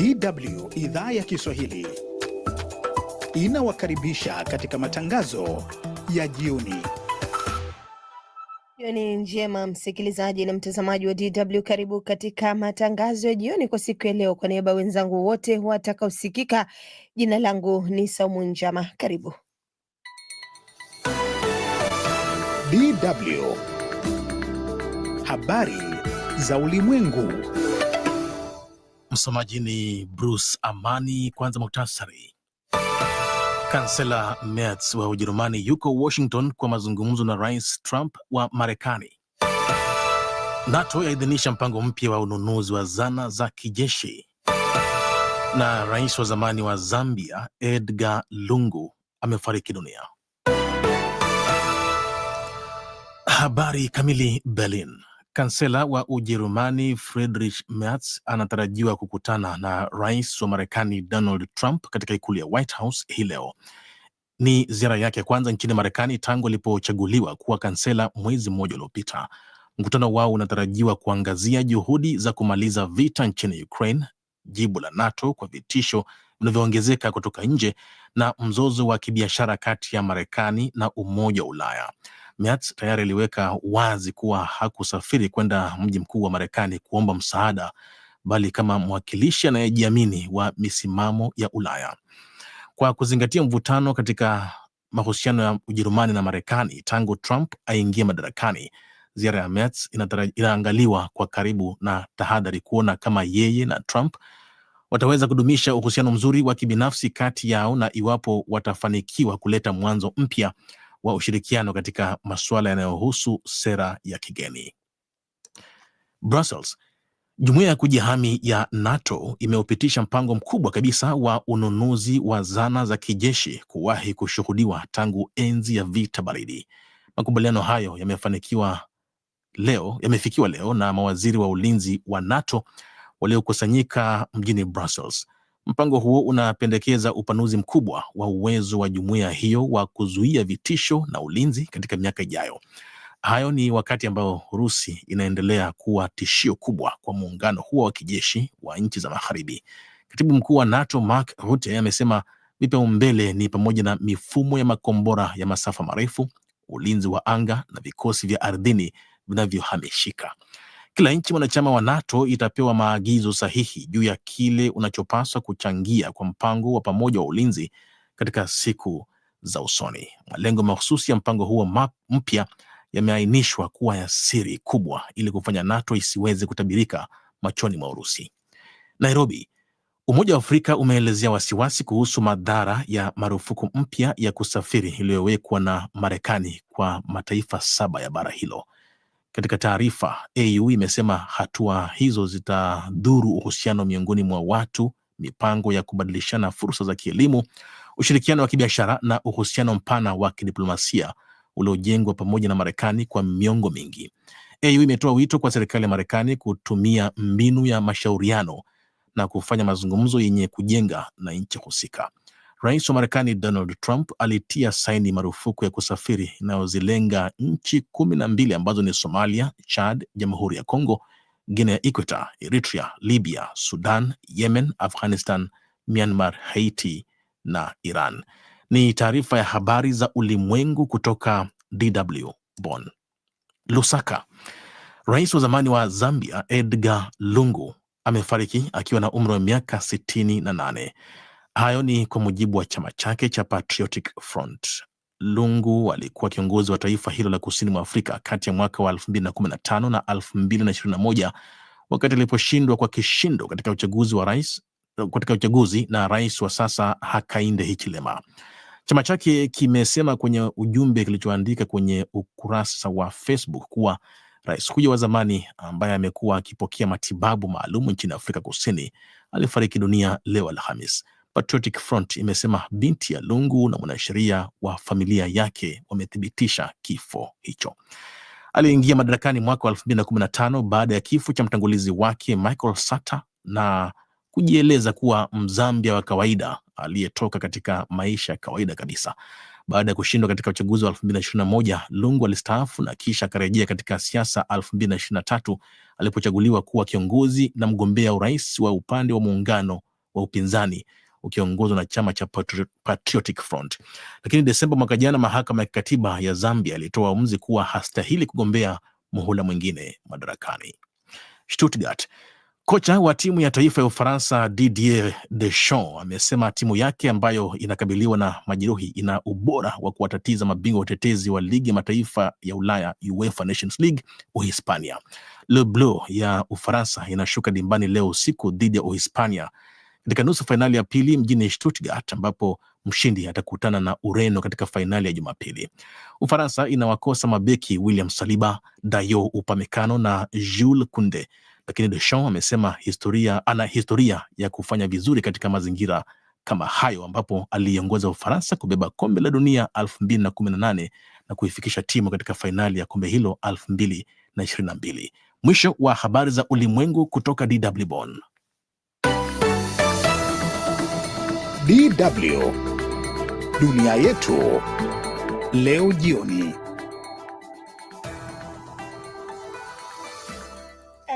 DW idhaa ya Kiswahili inawakaribisha katika matangazo ya jioni. Jioni njema, msikilizaji na mtazamaji wa DW, karibu katika matangazo ya jioni kwa siku ya leo. Kwa niaba wenzangu wote watakaosikika, jina langu ni Saumu Njama. Karibu DW habari za ulimwengu. Msomaji ni Bruce Amani. Kwanza muktasari. Kansela Merz wa Ujerumani yuko Washington kwa mazungumzo na Rais Trump wa Marekani. NATO yaidhinisha mpango mpya wa ununuzi wa zana za kijeshi. Na rais wa zamani wa Zambia Edgar Lungu amefariki dunia. Habari kamili. Berlin Kansela wa Ujerumani Friedrich Merz anatarajiwa kukutana na rais wa Marekani Donald Trump katika ikulu ya White House hii leo. Ni ziara yake ya kwanza nchini Marekani tangu alipochaguliwa kuwa kansela mwezi mmoja uliopita. Mkutano wao unatarajiwa kuangazia juhudi za kumaliza vita nchini Ukraine, jibu la NATO kwa vitisho vinavyoongezeka kutoka nje na mzozo wa kibiashara kati ya Marekani na Umoja wa Ulaya. Merz tayari aliweka wazi kuwa hakusafiri kwenda mji mkuu wa Marekani kuomba msaada, bali kama mwakilishi anayejiamini wa misimamo ya Ulaya. Kwa kuzingatia mvutano katika mahusiano ya Ujerumani na Marekani tangu Trump aingie madarakani, ziara ya Merz inaangaliwa kwa karibu na tahadhari, kuona kama yeye na Trump wataweza kudumisha uhusiano mzuri wa kibinafsi kati yao na iwapo watafanikiwa kuleta mwanzo mpya wa ushirikiano katika masuala yanayohusu sera ya kigeni. Brussels. Jumuiya ya kujihami ya NATO imeupitisha mpango mkubwa kabisa wa ununuzi wa zana za kijeshi kuwahi kushuhudiwa tangu enzi ya vita baridi. Makubaliano hayo yamefanikiwa leo, yamefikiwa leo na mawaziri wa ulinzi wa NATO waliokusanyika mjini Brussels. Mpango huo unapendekeza upanuzi mkubwa wa uwezo wa jumuiya hiyo wa kuzuia vitisho na ulinzi katika miaka ijayo. Hayo ni wakati ambao Urusi inaendelea kuwa tishio kubwa kwa muungano huo wa kijeshi wa nchi za Magharibi. Katibu mkuu wa NATO Mark Rutte amesema vipaumbele ni pamoja na mifumo ya makombora ya masafa marefu, ulinzi wa anga na vikosi vya ardhini vinavyohamishika. Kila nchi mwanachama wa NATO itapewa maagizo sahihi juu ya kile unachopaswa kuchangia kwa mpango wa pamoja wa ulinzi katika siku za usoni. Malengo mahususi ya mpango huo mpya yameainishwa kuwa ya siri kubwa ili kufanya NATO isiweze kutabirika machoni mwa Urusi. Nairobi. Umoja wa Afrika umeelezea wasiwasi kuhusu madhara ya marufuku mpya ya kusafiri iliyowekwa na Marekani kwa mataifa saba ya bara hilo. Katika taarifa, AU imesema hatua hizo zitadhuru uhusiano miongoni mwa watu, mipango ya kubadilishana fursa za kielimu, ushirikiano wa kibiashara na uhusiano mpana wa kidiplomasia uliojengwa pamoja na Marekani kwa miongo mingi. AU imetoa wito kwa serikali ya Marekani kutumia mbinu ya mashauriano na kufanya mazungumzo yenye kujenga na nchi husika. Rais wa Marekani Donald Trump alitia saini marufuku ya kusafiri inayozilenga nchi kumi na mbili ambazo ni Somalia, Chad, Jamhuri ya Kongo, Guinea ya Ikweta, Eritrea, Libya, Sudan, Yemen, Afghanistan, Myanmar, Haiti na Iran. Ni taarifa ya habari za ulimwengu kutoka DW Bonn. Lusaka. Rais wa zamani wa Zambia Edgar Lungu amefariki akiwa na umri wa miaka sitini na nane. Hayo ni kwa mujibu wa chama chake cha Patriotic Front. Lungu alikuwa kiongozi wa taifa hilo la kusini mwa Afrika kati ya mwaka wa 2015 na 2021 wakati aliposhindwa kwa kishindo katika uchaguzi wa rais katika uchaguzi na rais wa sasa Hakainde Hichilema. Chama chake kimesema kwenye ujumbe kilichoandika kwenye ukurasa wa Facebook kuwa rais huyo wa zamani ambaye amekuwa akipokea matibabu maalum nchini Afrika Kusini alifariki dunia leo Alhamis. Patriotic Front imesema binti ya Lungu na mwanasheria wa familia yake wamethibitisha kifo hicho. Aliingia madarakani mwaka wa 2015 baada ya kifo cha mtangulizi wake Michael Sata na kujieleza kuwa Mzambia wa kawaida aliyetoka katika maisha ya kawaida kabisa. Baada ya kushindwa katika uchaguzi wa 2021, Lungu alistaafu na kisha akarejea katika siasa 2023 alipochaguliwa kuwa kiongozi na mgombea urais wa upande wa muungano wa upinzani ukiongozwa na chama cha Patriotic Front. Lakini Desemba mwaka jana, mahakama ya kikatiba ya Zambia ilitoa uamuzi kuwa hastahili kugombea muhula mwingine madarakani. Stuttgart. Kocha wa timu ya taifa ya Ufaransa Didier Deschamps amesema timu yake ambayo inakabiliwa na majeruhi ina ubora wa kuwatatiza mabingwa watetezi wa ligi ya mataifa ya Ulaya, UEFA Nations League, Uhispania. Le Bleu ya Ufaransa inashuka dimbani leo usiku dhidi ya Uhispania katika nusu fainali ya pili mjini Stuttgart ambapo mshindi atakutana na Ureno katika fainali ya Jumapili. Ufaransa inawakosa mabeki William Saliba, Dayo Upamecano na Jules Kunde, lakini Deschamps amesema historia, ana historia ya kufanya vizuri katika mazingira kama hayo ambapo aliongoza Ufaransa kubeba kombe la dunia elfu na kuifikisha timu katika fainali ya kombe hilo elfu Mwisho wa habari za ulimwengu kutoka DW Bonn. DW Dunia Yetu Leo Jioni.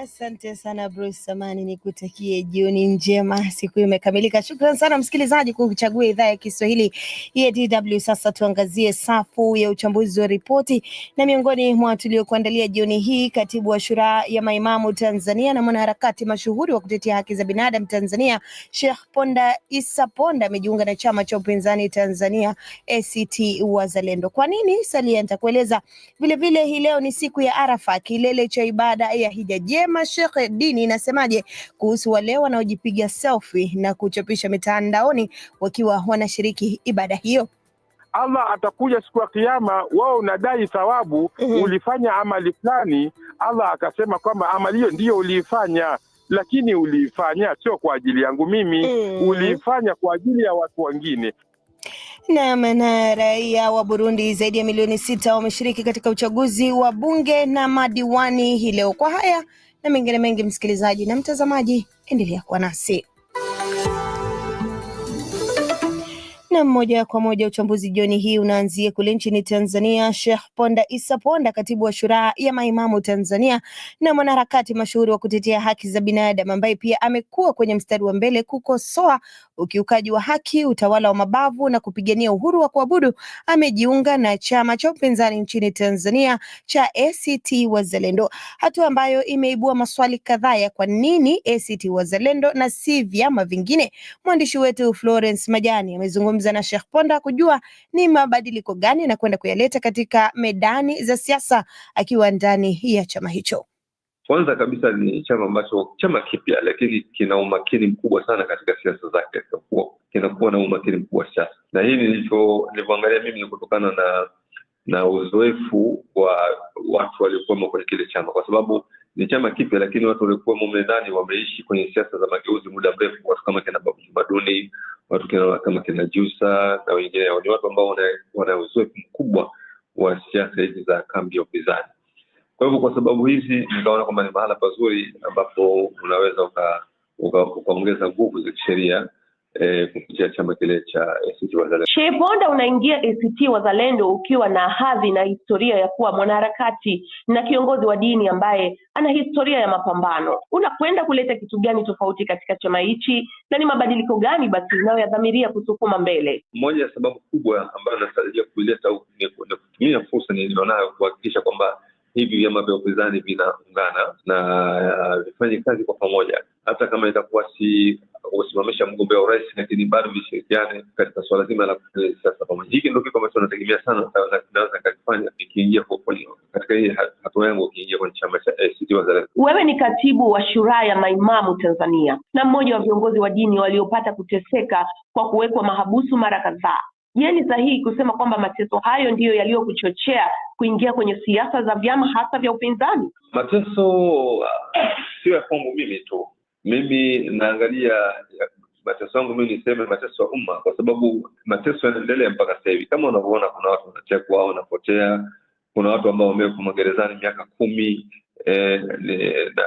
Asante sana Bruce Samani, nikutakie jioni njema, siku imekamilika. Shukran sana msikilizaji kwa kuchagua idhaa ya Kiswahili ya DW. Sasa tuangazie safu ya uchambuzi wa ripoti, na miongoni mwa tuliokuandalia jioni hii, katibu wa Shura ya Maimamu Tanzania na mwanaharakati mashuhuri wa kutetea haki za binadamu Tanzania Sheikh Ponda Issa Ponda amejiunga na chama cha upinzani Tanzania ACT Wazalendo. Kwa nini? Salia nitakueleza. Vilevile hii leo ni siku ya Arafa, kilele cha ibada ya hija jema Sheikh Dini inasemaje kuhusu wale wanaojipiga selfie na kuchapisha mitandaoni wakiwa wanashiriki ibada hiyo? Allah atakuja siku ya Kiyama, wao unadai thawabu mm -hmm. Ulifanya amali fulani, Allah akasema kwamba amali hiyo ndiyo uliifanya, lakini uliifanya sio kwa ajili yangu mimi mm -hmm. Uliifanya kwa ajili ya watu wengine. Na Na raia wa Burundi zaidi ya milioni sita wameshiriki katika uchaguzi wa bunge na madiwani hii leo. Kwa haya na mengine mengi, msikilizaji na mtazamaji, endelea kuwa nasi. Na moja kwa moja uchambuzi jioni hii unaanzia kule nchini Tanzania. Sheikh Ponda Isa Ponda, katibu wa Shura ya Maimamu Tanzania na mwanaharakati mashuhuri wa kutetea haki za binadamu, ambaye pia amekuwa kwenye mstari wa mbele kukosoa ukiukaji wa haki, utawala wa mabavu na kupigania uhuru wa kuabudu, amejiunga na chama cha upinzani nchini Tanzania cha ACT Wazalendo, hatua ambayo imeibua maswali kadhaa ya kwa nini ACT Wazalendo na si vyama vingine. Mwandishi wetu Florence Majani amezungumza nimezungumza na Sheikh Ponda kujua ni mabadiliko gani na kwenda kuyaleta katika medani za siasa akiwa ndani ya chama hicho. Kwanza kabisa ni chama ambacho chama kipya, lakini kina umakini mkubwa sana katika siasa zake, kinakuwa na umakini mkubwa sana, na hii nilivyoangalia mimi ni kutokana na na uzoefu wa watu waliokuwa kwenye kile chama, kwa sababu ni chama kipya, lakini watu waliokuwa mume ndani wameishi kwenye siasa za mageuzi muda mrefu, watu kama kina Babu watu kina, kama kina Jusa na wengine ni watu ambao wana uzoefu mkubwa wa siasa hizi za kambi ya upinzani. Kwa hivyo kwa sababu hizi nikaona kwamba ni mahala pazuri ambapo unaweza ukaongeza uka, uka nguvu za kisheria eh, kupitia chama kile cha ACT Wazalendo. Sheikh Ponda, unaingia ACT Wazalendo ukiwa na hadhi na historia ya kuwa mwanaharakati na kiongozi wa dini ambaye ana historia ya mapambano, unakwenda kuleta kitu gani tofauti katika chama hichi na ni mabadiliko gani basi unayoyadhamiria kusukuma mbele? Moja ya sababu kubwa ambayo natarajia kuileta ni kutumia fursa niliyonayo kuhakikisha kwamba hivi vyama vya upinzani vinaungana na uh, vifanye kazi kwa pamoja, hata kama itakuwa si usimamisha mgombea urais, lakini bado vishirikiane katika suala zima la kufanya siasa pamoja. Hiki ndio kitu ambacho nategemea sana, naweza kakifanya ikiingia katika hii hatua yangu, ukiingia kwenye chama cha ACT Wazalendo. Wewe ni katibu wa shuraa ya Maimamu Tanzania na mmoja wa viongozi wa dini waliopata kuteseka kwa kuwekwa mahabusu mara kadhaa. Je, ni sahihi kusema kwamba mateso hayo ndiyo yaliyokuchochea kuingia kwenye siasa za vyama hasa vya upinzani? Mateso sio ya kwangu mimi tu, mimi naangalia mateso yangu mimi niseme mateso ya umma, kwa sababu mateso yanaendelea mpaka sasa hivi. Kama unavyoona, kuna watu wanatekwa, wanapotea, kuna watu ambao wamewekwa magerezani miaka kumi eh, na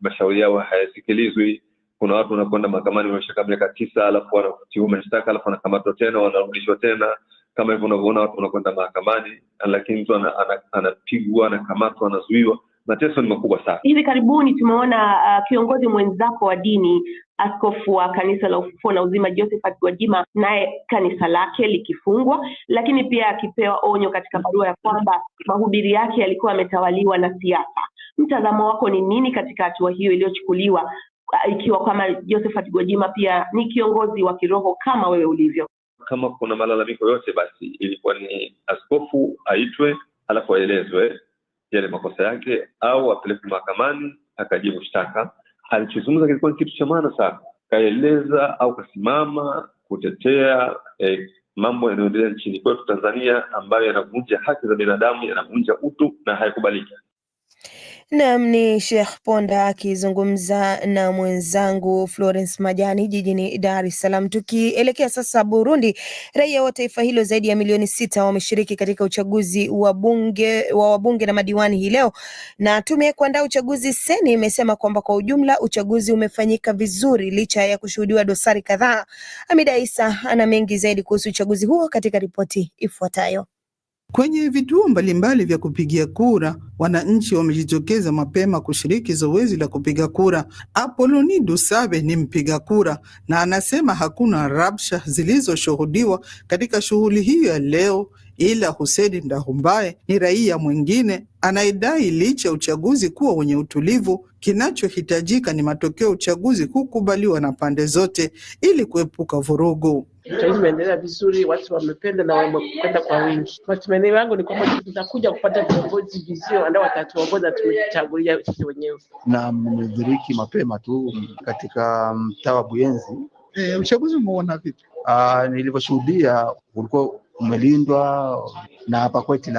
mashauri yao hayasikilizwi kuna watu wanakwenda mahakamani wamefika miaka tisa alafu wanakutiwa mashtaka alafu wanakamatwa tena wanarudishwa tena kama hivyo unavyoona watu wanakwenda mahakamani lakini mtu anapigwa ana, ana anakamatwa anazuiwa mateso ni makubwa sana hivi karibuni tumeona uh, kiongozi mwenzako wa dini askofu wa kanisa la ufufuo na uzima josephat gwajima naye kanisa lake likifungwa lakini pia akipewa onyo katika barua ya kwamba mahubiri yake yalikuwa yametawaliwa na siasa mtazamo wako ni nini katika hatua hiyo iliyochukuliwa Ah, ikiwa kama Josephat Gwajima pia ni kiongozi wa kiroho kama wewe ulivyo. Kama kuna malalamiko yote, basi ilikuwa ni askofu aitwe, alafu aelezwe yale makosa yake, au apelekwe mahakamani akajibu shtaka. Alichozungumza kilikuwa ni kitu cha maana sana, kaeleza au kasimama kutetea eh, mambo yanayoendelea nchini kwetu Tanzania ambayo yanavunja haki za binadamu, yanavunja utu na hayakubaliki. Nam ni Sheikh Ponda akizungumza na mwenzangu Florence Majani jijini Dar es Salaam. Tukielekea sasa Burundi, raia wa taifa hilo zaidi ya milioni sita wameshiriki katika uchaguzi wa bunge wa wabunge na madiwani hii leo, na tume ya kuandaa uchaguzi Seni imesema kwamba kwa ujumla uchaguzi umefanyika vizuri licha ya kushuhudiwa dosari kadhaa. amida Isa ana mengi zaidi kuhusu uchaguzi huo katika ripoti ifuatayo. Kwenye vituo mbalimbali vya kupigia kura, wananchi wamejitokeza mapema kushiriki zoezi la kupiga kura. Apoloni Dusabe ni mpiga kura na anasema hakuna rabsha zilizoshuhudiwa katika shughuli hiyo ya leo, ila huseni ndahumbae ni raia mwingine anayedai licha ya uchaguzi kuwa wenye utulivu, kinachohitajika ni matokeo ya uchaguzi kukubaliwa na pande zote ili kuepuka vurugu. Saizi vizuri, watu wamependa na wamekwenda kwa wingi. Matumaini yangu ni kwamba tutakuja kupata viongozi vizuri ambao watatuongoza, tumejichagulia sisi wenyewe. Na mmedhiriki mapema tu katika mtaa wa Buyenzi. E, uchaguzi umeona vipi? Ah, nilivyoshuhudia ulikuwa umelindwa na hapa kwetu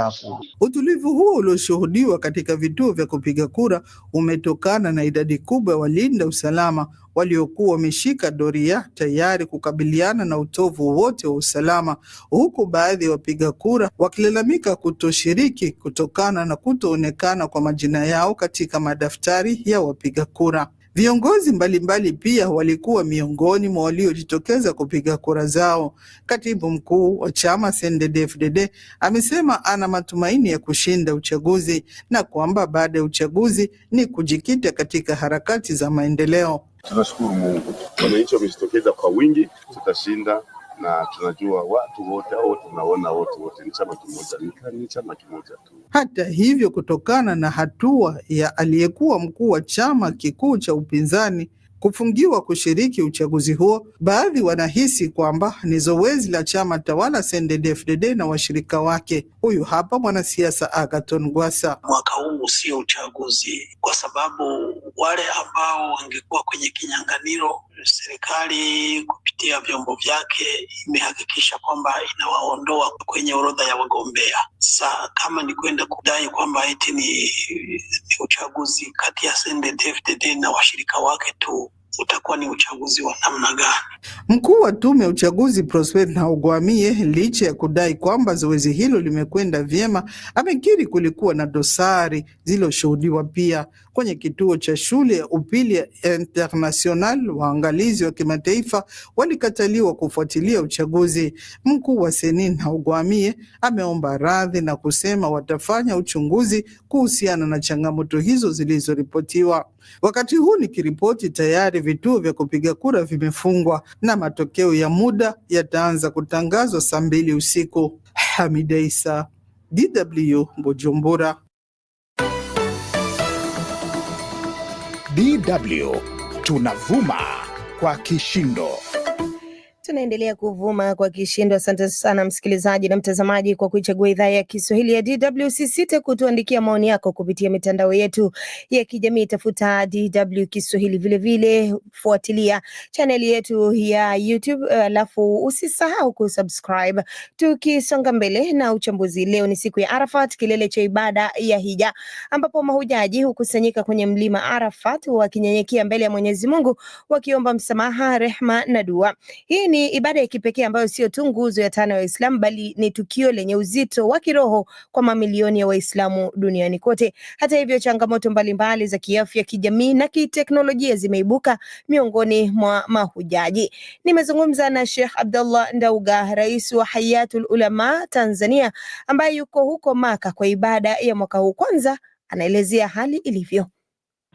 Utulivu huo ulioshuhudiwa katika vituo vya kupiga kura umetokana na idadi kubwa ya walinda usalama waliokuwa wameshika doria tayari kukabiliana na utovu wote wa usalama, huku baadhi ya wapiga kura wakilalamika kutoshiriki kutokana na kutoonekana kwa majina yao katika madaftari ya wapiga kura. Viongozi mbalimbali pia walikuwa miongoni mwa waliojitokeza kupiga kura zao. Katibu mkuu wa chama CNDD-FDD amesema ana matumaini ya kushinda uchaguzi na kwamba baada ya uchaguzi ni kujikita katika harakati za maendeleo. Tunashukuru Mungu, wananchi wamejitokeza kwa wingi, tutashinda na tunajua watu wote au tunaona wote wote ni chama kimoja, ni chama kimoja tu. Hata hivyo, kutokana na hatua ya aliyekuwa mkuu wa chama kikuu cha upinzani kufungiwa kushiriki uchaguzi huo. Baadhi wanahisi kwamba ni zoezi la chama tawala CNDD-FDD na washirika wake. Huyu hapa mwanasiasa agaton Gwasa. Mwaka huu sio uchaguzi, kwa sababu wale ambao wangekuwa kwenye kinyang'anyiro serikali kupitia vyombo vyake imehakikisha kwamba inawaondoa kwenye orodha ya wagombea. Sa kama ni kwenda kudai kwamba eti ni, ni uchaguzi kati ya CNDD-FDD na washirika wake tu utakuwa ni uchaguzi wa namna gani? Mkuu wa tume ya uchaguzi Prosper Ntahogwamiye, licha ya kudai kwamba zoezi hilo limekwenda vyema, amekiri kulikuwa na dosari zilizoshuhudiwa pia kwenye kituo cha shule upili ya International. Waangalizi wa kimataifa walikataliwa kufuatilia uchaguzi. Mkuu wa Senin Haugwamie ameomba radhi na kusema watafanya uchunguzi kuhusiana na changamoto hizo zilizoripotiwa. Wakati huu nikiripoti, tayari vituo vya kupiga kura vimefungwa na matokeo ya muda yataanza kutangazwa saa mbili usiku. Hamida Isa, DW, Bujumbura. DW tunavuma kwa kishindo tunaendelea kuvuma kwa kishindo. Asante sana msikilizaji na mtazamaji kwa kuichagua idhaa ya Kiswahili ya DW. Usisite kutuandikia maoni yako kupitia mitandao yetu ya kijamii, tafuta DW Kiswahili, vilevile fuatilia chaneli yetu ya YouTube, alafu usisahau kusubscribe. Tukisonga mbele na uchambuzi, leo ni siku ya Arafat, kilele cha ibada ya hija, ambapo mahujaji hukusanyika kwenye mlima Arafat wakinyenyekea mbele ya Mwenyezi Mungu wakiomba msamaha, rehma na dua. Hii ni ibada ya kipekee ambayo sio tu nguzo ya tano ya Waislamu bali ni tukio lenye uzito wa kiroho kwa mamilioni ya Waislamu duniani kote. Hata hivyo, changamoto mbalimbali mbali za kiafya, kijamii na kiteknolojia zimeibuka miongoni mwa mahujaji. Nimezungumza na Sheikh abdullah Ndauga, rais wa Hayatul Ulama Tanzania, ambaye yuko huko Maka kwa ibada ya mwaka huu. Kwanza anaelezea hali ilivyo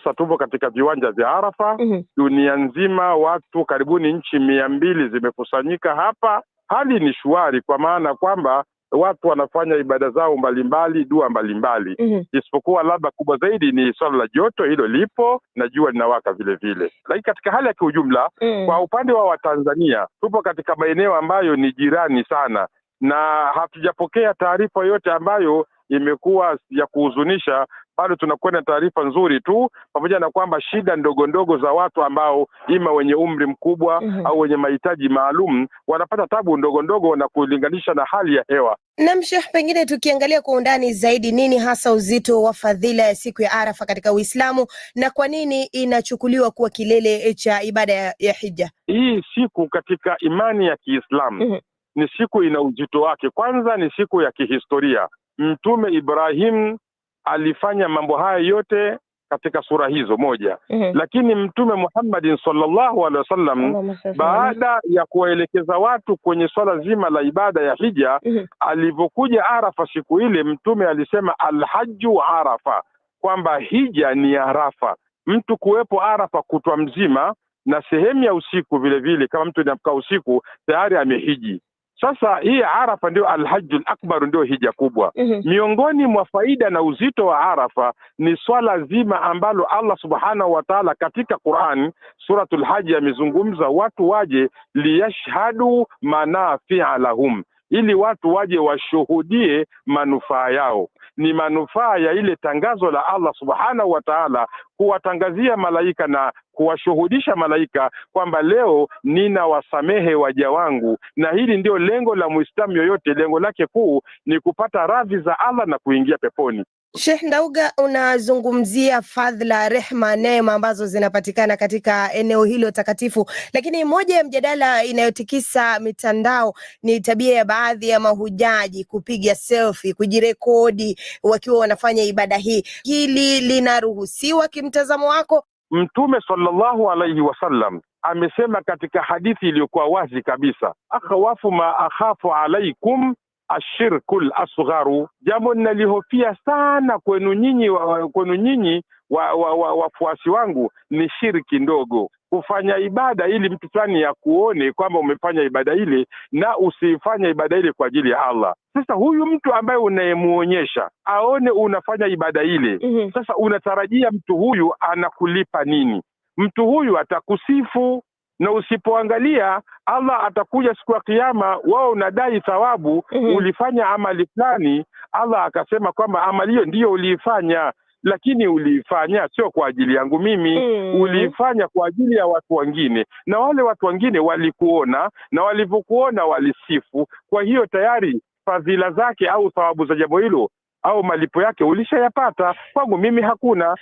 sasa tupo katika viwanja vya Arafa mm -hmm. Dunia nzima watu karibuni nchi mia mbili zimekusanyika hapa. Hali ni shwari kwa maana kwamba watu wanafanya ibada zao mbalimbali, dua mbalimbali mm -hmm. Isipokuwa labda kubwa zaidi ni swala la joto, hilo lipo na jua linawaka vile vile, lakini katika hali ya kiujumla mm -hmm. Kwa upande wa Watanzania tupo katika maeneo ambayo ni jirani sana na hatujapokea taarifa yote ambayo imekuwa ya kuhuzunisha bado tunakwenda taarifa nzuri tu, pamoja na kwamba shida ndogo ndogo za watu ambao ima wenye umri mkubwa mm -hmm. au wenye mahitaji maalum wanapata tabu ndogo ndogo na kulinganisha na hali ya hewa. Naam Sheikh, pengine tukiangalia kwa undani zaidi, nini hasa uzito wa fadhila ya siku ya Arafa katika Uislamu na kwa nini inachukuliwa kuwa kilele cha ibada ya, ya hija? Hii siku katika imani ya Kiislamu mm -hmm. ni siku ina uzito wake. Kwanza ni siku ya kihistoria. Mtume Ibrahim alifanya mambo haya yote katika sura hizo moja. mm -hmm. Lakini Mtume Muhammadin sallallahu alaihi wasallam baada ya kuwaelekeza watu kwenye swala zima la ibada ya hija mm -hmm. alivyokuja Arafa siku ile, Mtume alisema alhaju Arafa, kwamba hija ni Arafa, mtu kuwepo Arafa kutwa mzima na sehemu ya usiku vilevile vile, kama mtu inakaa usiku tayari amehiji. Sasa hii Arafa ndio alhajjul akbar, ndio hija kubwa. mm -hmm. Miongoni mwa faida na uzito wa Arafa ni swala zima ambalo Allah subhanahu wa taala katika Quran suratul Haji amezungumza watu waje liyashhadu manafia lahum, ili watu waje washuhudie manufaa yao ni manufaa ya ile tangazo la Allah subhanahu wa taala kuwatangazia malaika na kuwashuhudisha malaika kwamba leo nina wasamehe waja wangu. Na hili ndio lengo la Muislamu yoyote, lengo lake kuu ni kupata radhi za Allah na kuingia peponi. Sheikh Ndauga, unazungumzia fadhila, rehma, neema ambazo zinapatikana katika eneo hilo takatifu, lakini moja ya mjadala inayotikisa mitandao ni tabia ya baadhi ya mahujaji kupiga selfie, kujirekodi wakiwa wanafanya ibada hii. Hili linaruhusiwa kimtazamo wako? Mtume sallallahu alaihi wasallam amesema katika hadithi iliyokuwa wazi kabisa, akhawafu ma akhafu alaikum ashirkul asgharu, jambo ninalihofia sana kwenu nyinyi, kwenu nyinyi wafuasi wa, wa, wa wangu ni shirki ndogo, kufanya ibada ili mtu fulani ya kuone kwamba umefanya ibada ile na usifanya ibada ile kwa ajili ya Allah. Sasa huyu mtu ambaye unayemuonyesha aone unafanya ibada ile mm -hmm. Sasa unatarajia mtu huyu anakulipa nini? Mtu huyu atakusifu, na usipoangalia Allah atakuja siku ya kiama wao unadai thawabu mm -hmm. Ulifanya amali fulani, Allah akasema kwamba amali hiyo ndiyo uliifanya, lakini uliifanya sio kwa ajili yangu mimi mm -hmm. Uliifanya kwa ajili ya watu wengine, na wale watu wengine walikuona, na walivyokuona walisifu. Kwa hiyo tayari fadhila zake au thawabu za jambo hilo au malipo yake ulishayapata. Kwangu mimi hakuna.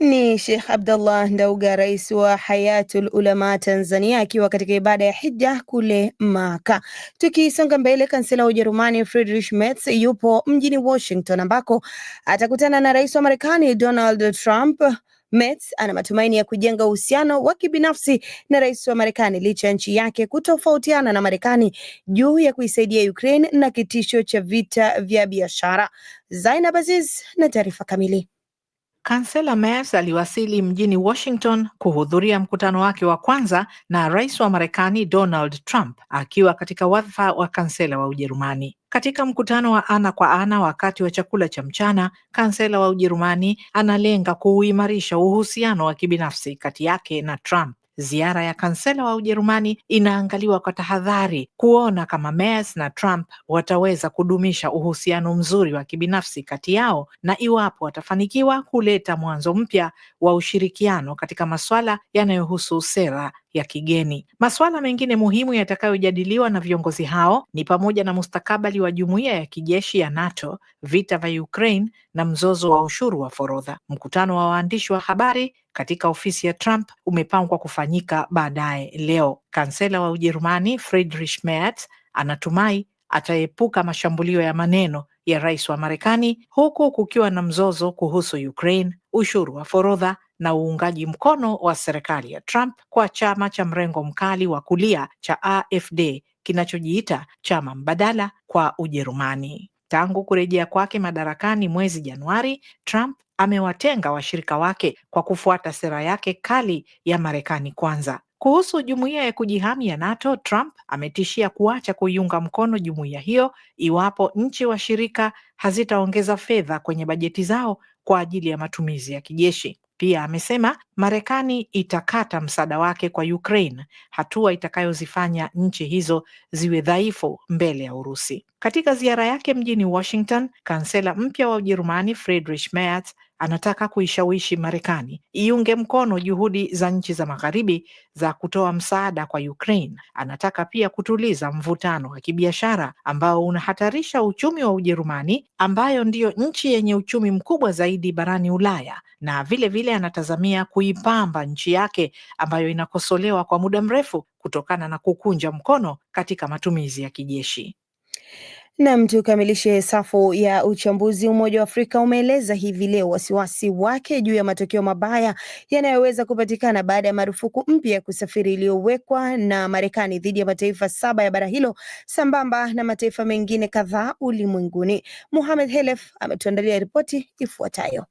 Ni Sheikh Abdallah Ndauga, rais wa Hayatul Ulama Tanzania, akiwa katika ibada ya hija kule Maka. Tukisonga mbele, kansela wa Ujerumani Friedrich Merz yupo mjini Washington ambako atakutana na rais wa Marekani Donald Trump. Merz ana matumaini ya kujenga uhusiano wa kibinafsi na rais wa Marekani licha ya nchi yake kutofautiana na Marekani juu ya kuisaidia Ukraine na kitisho cha vita vya biashara. Zainab Aziz na taarifa kamili. Kansela Merz aliwasili mjini Washington kuhudhuria mkutano wake wa kwanza na rais wa Marekani Donald Trump akiwa katika wadhifa wa kansela wa Ujerumani. Katika mkutano wa ana kwa ana wakati wa chakula cha mchana, kansela wa Ujerumani analenga kuuimarisha uhusiano wa kibinafsi kati yake na Trump ziara ya kansela wa Ujerumani inaangaliwa kwa tahadhari kuona kama Merz na Trump wataweza kudumisha uhusiano mzuri wa kibinafsi kati yao na iwapo watafanikiwa kuleta mwanzo mpya wa ushirikiano katika masuala yanayohusu sera ya kigeni. Masuala mengine muhimu yatakayojadiliwa na viongozi hao ni pamoja na mustakabali wa jumuiya ya kijeshi ya NATO, vita vya Ukraine na mzozo wa ushuru wa forodha. Mkutano wa waandishi wa habari katika ofisi ya Trump umepangwa kufanyika baadaye leo. Kansela wa Ujerumani Friedrich Merz anatumai ataepuka mashambulio ya maneno ya rais wa Marekani huku kukiwa na mzozo kuhusu Ukraine, ushuru wa forodha na uungaji mkono wa serikali ya Trump kwa chama cha mrengo mkali wa kulia cha AfD kinachojiita chama mbadala kwa Ujerumani. Tangu kurejea kwake madarakani mwezi Januari, Trump amewatenga washirika wake kwa kufuata sera yake kali ya Marekani kwanza. Kuhusu jumuiya ya kujihami ya NATO, Trump ametishia kuacha kuiunga mkono jumuiya hiyo iwapo nchi washirika hazitaongeza fedha kwenye bajeti zao kwa ajili ya matumizi ya kijeshi. Pia amesema Marekani itakata msaada wake kwa Ukraine, hatua itakayozifanya nchi hizo ziwe dhaifu mbele ya Urusi. Katika ziara yake mjini Washington, kansela mpya wa Ujerumani Friedrich Merz anataka kuishawishi Marekani iunge mkono juhudi za nchi za magharibi za kutoa msaada kwa Ukraine. Anataka pia kutuliza mvutano wa kibiashara ambao unahatarisha uchumi wa Ujerumani, ambayo ndiyo nchi yenye uchumi mkubwa zaidi barani Ulaya, na vilevile vile anatazamia kuipamba nchi yake ambayo inakosolewa kwa muda mrefu kutokana na kukunja mkono katika matumizi ya kijeshi. Nam, tukamilishe safu ya uchambuzi. Umoja wa Afrika umeeleza hivi leo wasiwasi wake juu ya matokeo mabaya yanayoweza kupatikana baada ya marufuku mpya ya kusafiri iliyowekwa na Marekani dhidi ya mataifa saba ya bara hilo sambamba na mataifa mengine kadhaa ulimwenguni. Mohamed Helef ametuandalia ripoti ifuatayo.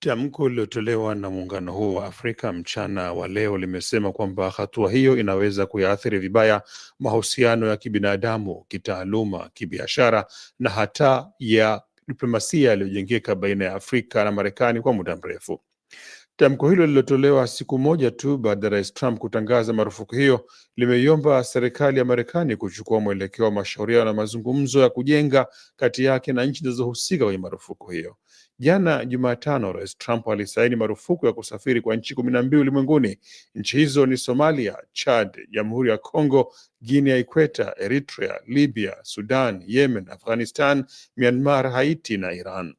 Tamko lililotolewa na muungano huo wa Afrika mchana wa leo limesema kwamba hatua hiyo inaweza kuyaathiri vibaya mahusiano ya kibinadamu, kitaaluma, kibiashara na hata ya diplomasia yaliyojengeka baina ya Afrika na Marekani kwa muda mrefu. Tamko hilo lililotolewa siku moja tu baada ya rais Trump kutangaza marufuku hiyo limeiomba serikali ya Marekani kuchukua mwelekeo wa mashauriano na mazungumzo ya kujenga kati yake na nchi zinazohusika kwenye marufuku hiyo. Jana Jumatano, rais Trump alisaini marufuku ya kusafiri kwa nchi kumi na mbili ulimwenguni. Nchi hizo ni Somalia, Chad, Jamhuri ya congo Guinea Ikweta, Eritrea, Libya, Sudan, Yemen, Afghanistan, Myanmar, Haiti na Iran.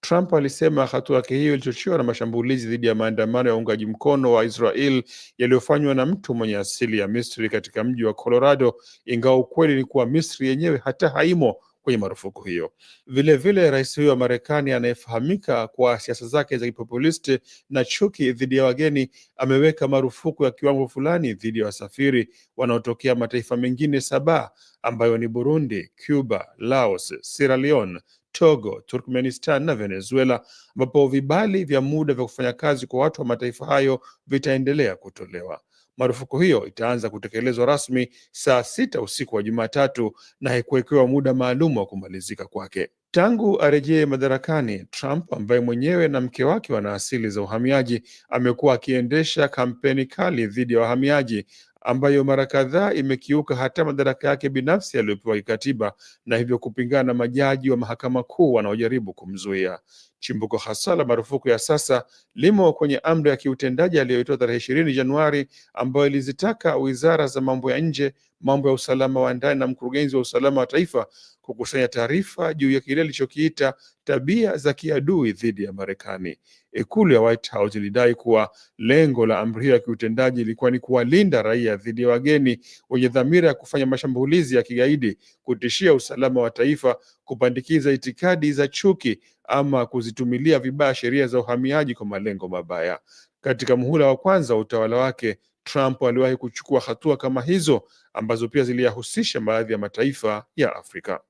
Trump alisema hatua yake hiyo ilichochewa na mashambulizi dhidi ya maandamano ya uungaji mkono wa Israel yaliyofanywa na mtu mwenye asili ya Misri katika mji wa Colorado, ingawa ukweli ni kuwa Misri yenyewe hata haimo kwenye marufuku hiyo. Vilevile, rais huyo wa Marekani anayefahamika kwa siasa zake za kipopulisti na chuki dhidi ya wageni ameweka marufuku ya kiwango fulani dhidi ya wasafiri wanaotokea mataifa mengine saba ambayo ni Burundi, Cuba, Laos, Sierra Leone, Togo, Turkmenistan na Venezuela, ambapo vibali vya muda vya kufanya kazi kwa watu wa mataifa hayo vitaendelea kutolewa. Marufuku hiyo itaanza kutekelezwa rasmi saa sita usiku wa Jumatatu na haikuwekewa muda maalum wa kumalizika kwake. Tangu arejee madarakani, Trump ambaye mwenyewe na mke wake wana asili za uhamiaji amekuwa akiendesha kampeni kali dhidi ya wahamiaji, ambayo mara kadhaa imekiuka hata madaraka yake binafsi yaliyopewa kikatiba na hivyo kupingana na majaji wa mahakama kuu wanaojaribu kumzuia. Chimbuko hasa la marufuku ya sasa limo kwenye amri ya kiutendaji aliyoitoa tarehe ishirini Januari ambayo ilizitaka wizara za mambo ya nje, mambo ya usalama wa ndani na mkurugenzi wa usalama wa taifa kukusanya taarifa juu ya kile alichokiita tabia za kiadui dhidi ya Marekani. Ikulu ya White House ilidai kuwa lengo la amri hiyo ya kiutendaji ilikuwa ni kuwalinda raia dhidi ya wageni wenye dhamira ya kufanya mashambulizi ya kigaidi, kutishia usalama wa taifa, kupandikiza itikadi za chuki, ama kuzitumilia vibaya sheria za uhamiaji kwa malengo mabaya. Katika muhula wa kwanza wa utawala wake, Trump aliwahi kuchukua hatua kama hizo ambazo pia ziliyahusisha baadhi ya mataifa ya Afrika.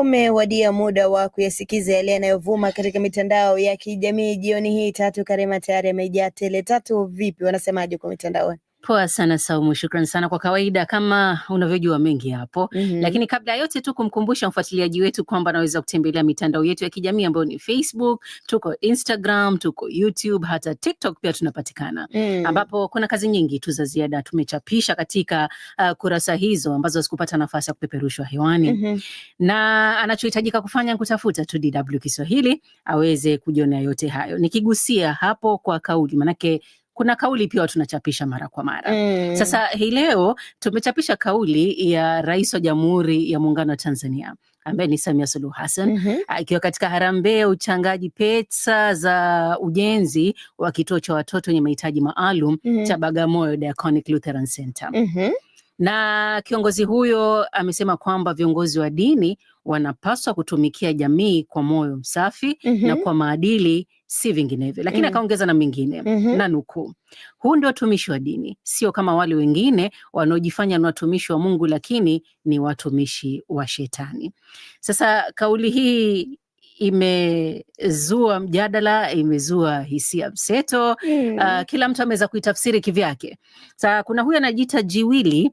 Umewadia muda wa kuyasikiza yale yanayovuma katika mitandao ya kijamii. Jioni hii Tatu Karema tayari amejaa tele. Tatu, vipi wanasemaje kwa mitandaoni? Poa sana Saumu, shukrani sana kwa kawaida, kama unavyojua mengi hapo mm -hmm. Lakini kabla ya yote tu kumkumbusha mfuatiliaji wetu kwamba anaweza kutembelea mitandao yetu ya kijamii ambayo ni Facebook, tuko Instagram, tuko YouTube, hata TikTok pia tunapatikana mm. ambapo kuna kazi nyingi tu za ziada tumechapisha katika uh, kurasa hizo ambazo sikupata nafasi ya kupeperushwa hewani mm -hmm. na anachohitajika kufanya kutafuta tu DW Kiswahili aweze kujionea yote hayo, nikigusia hapo kwa kauli manake kuna kauli pia tunachapisha mara kwa mara mm. Sasa hii leo tumechapisha kauli ya Rais wa Jamhuri ya Muungano wa Tanzania ambaye ni Samia Suluhu Hassan mm -hmm. akiwa katika harambee uchangaji pesa za ujenzi wa kituo cha watoto wenye mahitaji maalum mm -hmm. cha Bagamoyo Diaconic Lutheran Center mm -hmm. na kiongozi huyo amesema kwamba viongozi wa dini wanapaswa kutumikia jamii kwa moyo msafi mm -hmm. na kwa maadili si vinginevyo, lakini mm. akaongeza na mingine mm -hmm. na nukuu, huu ndio watumishi wa dini, sio kama wale wengine wanaojifanya ni watumishi wa Mungu, lakini ni watumishi wa Shetani. Sasa kauli hii imezua mjadala, imezua hisia mseto mm. Uh, kila mtu ameweza kuitafsiri kivyake. Sasa kuna huyu anajiita Jiwili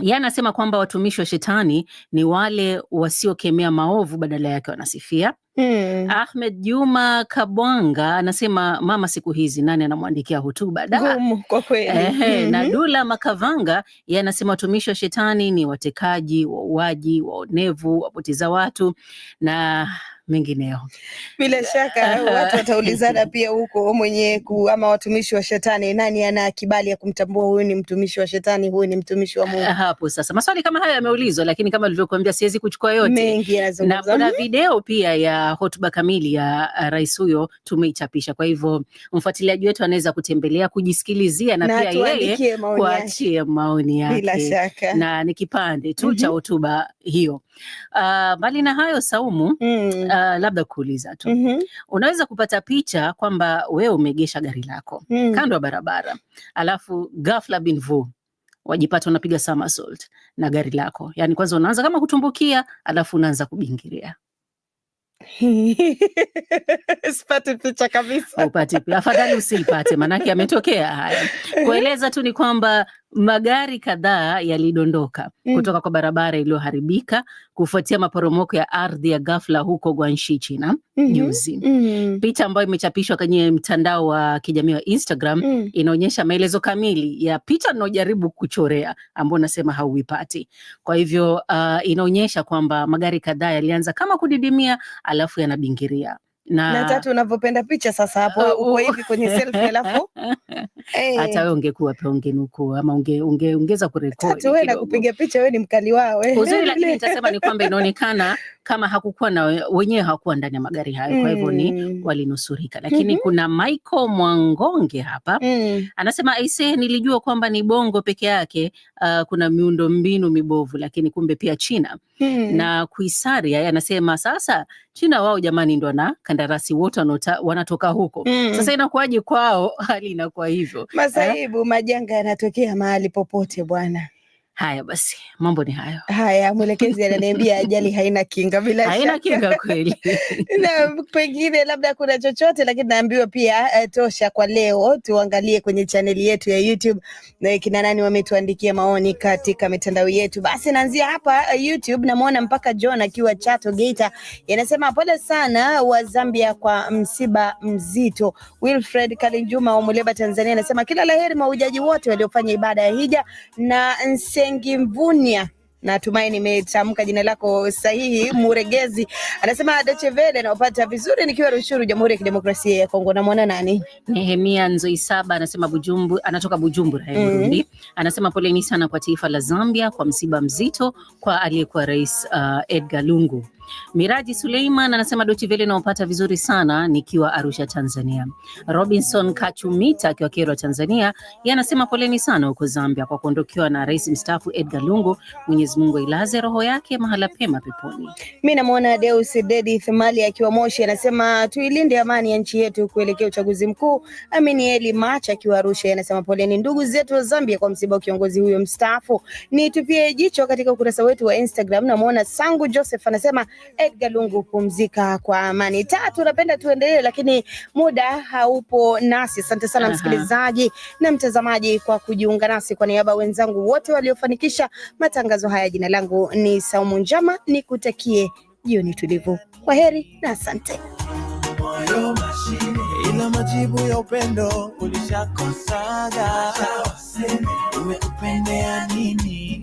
yeye anasema kwamba watumishi wa Shetani ni wale wasiokemea maovu, badala yake wanasifia Hmm. Ahmed Juma Kabwanga anasema mama siku hizi nani anamwandikia hotuba gumu kwa kweli. Ehe, na mm-hmm. Dula Makavanga yanasema anasema watumishi wa shetani ni watekaji, wauaji, waonevu, wapoteza watu na mengineyo. Bila shaka watu wataulizana pia huko mwenye ku, ama watumishi wa shetani, nani ana kibali ya kumtambua huyu ni mtumishi wa shetani, huyu ni mtumishi wa Mungu? Hapo sasa maswali kama hayo yameulizwa, lakini kama nilivyokuambia siwezi kuchukua yote mengi, na kuna video pia ya hotuba kamili ya uh, rais huyo tumeichapisha, kwa hivyo mfuatiliaji wetu anaweza kutembelea kujisikilizia, na, na pia yeye kuachie maoni yake, bila shaka na ni kipande tu cha mm -hmm. hotuba hiyo. Uh, mbali na hayo Saumu mm. uh, Ah, labda kuuliza tu mm -hmm. Unaweza kupata picha kwamba wewe umeegesha gari lako mm. kando ya barabara alafu ghafla bin wajipata unapiga somersault na gari lako, yani kwanza unaanza kama kutumbukia alafu unaanza kubingiria Sipati picha kabisa, upati afadhali usiipate, maanake ametokea haya. Kueleza tu ni kwamba Magari kadhaa yalidondoka mm. kutoka kwa barabara iliyoharibika kufuatia maporomoko ya ardhi ya ghafla huko Guangxi, China mhm. juzi mm -hmm. mm -hmm. Picha ambayo imechapishwa kwenye mtandao wa kijamii wa Instagram mm. inaonyesha maelezo kamili ya picha ninaojaribu kuchorea ambayo unasema hauipati. Kwa hivyo uh, inaonyesha kwamba magari kadhaa yalianza kama kudidimia alafu yanabingiria na, na tatu unavyopenda picha sasa hapo uh, uko hivi kwenye selfie alafu hey. Eh. Hata wewe ungekuwa pia ungenukuu ama unge, unge, ungeza kurekodi tatu wewe na kupiga picha, wewe ni mkali wao eh. uzuri, lakini nitasema ni kwamba inaonekana kama hakukuwa na wenyewe hawakuwa ndani ya magari hayo mm. Kwa hivyo ni mm. walinusurika, lakini mm -hmm. Kuna Michael Mwangonge hapa mm. Anasema aisee, nilijua kwamba ni Bongo peke yake uh, kuna miundo mbinu mibovu, lakini kumbe pia China mm. na Kuisaria anasema sasa China wao jamani, ndo na kandarasi wote wanatoka huko mm. Sasa inakuwaje kwao? Hali inakuwa hivyo, masaibu eh? Majanga yanatokea mahali popote bwana. Haya basi, mambo ni hayo. Haya, mwelekezi ananiambia ajali haina kinga, bila shaka haina kinga kweli. Na pengine labda kuna chochote, lakini naambiwa pia eh, tosha kwa leo. Tuangalie kwenye chaneli yetu ya YouTube na eh, kina nani wametuandikia maoni katika mitandao yetu. Basi naanzia hapa uh, YouTube, namwona mpaka John akiwa Chato Geita, yanasema pole sana wa Zambia kwa msiba mzito. Wilfred Kalinjuma wa Muleba Tanzania anasema kila laheri maujaji wote waliofanya ibada ya hija na nse Sengimvunia Natumai nimetamka jina lako sahihi. Muregezi anasema Dachevele anaopata vizuri nikiwa Rushuru, Jamhuri ya Kidemokrasia ya Kongo. Namwona nani? Nehemia Saba anasema Bujumbu, anatoka Bujumbura ya mm-hmm. Burundi. mm -hmm. Anasema poleni sana kwa taifa la Zambia kwa msiba mzito kwa aliyekuwa rais uh, Edgar Lungu. Miraji Suleiman anasema Dochi Vele naopata vizuri sana nikiwa Arusha, Tanzania. Robinson Kachumita akiwa Kerwa, Tanzania, yeye anasema poleni sana huko Zambia kwa kuondokewa na rais mstaafu Edgar Lungu. Mwenyezi Mungu ailaze roho yake mahala pema peponi. Mimi namwona Deus Dedi Themali akiwa Moshi, anasema tuilinde amani ya nchi yetu kuelekea uchaguzi mkuu. Amini Eli Mach akiwa Arusha anasema poleni ndugu zetu wa Zambia kwa msiba wa kiongozi huyo mstaafu. Ni tupie jicho katika ukurasa wetu wa Instagram, namwona Sangu Joseph anasema Edgar Lungu, pumzika kwa amani. Tatu, napenda tuendelee, lakini muda haupo nasi. Asante sana msikilizaji na mtazamaji kwa kujiunga nasi. Kwa niaba wenzangu wote waliofanikisha matangazo haya, jina langu ni Saumu Njama, nikutakie jioni tulivu. Kwa heri na asante. ina majibu ya upendo ulishakosaga, umependea nini?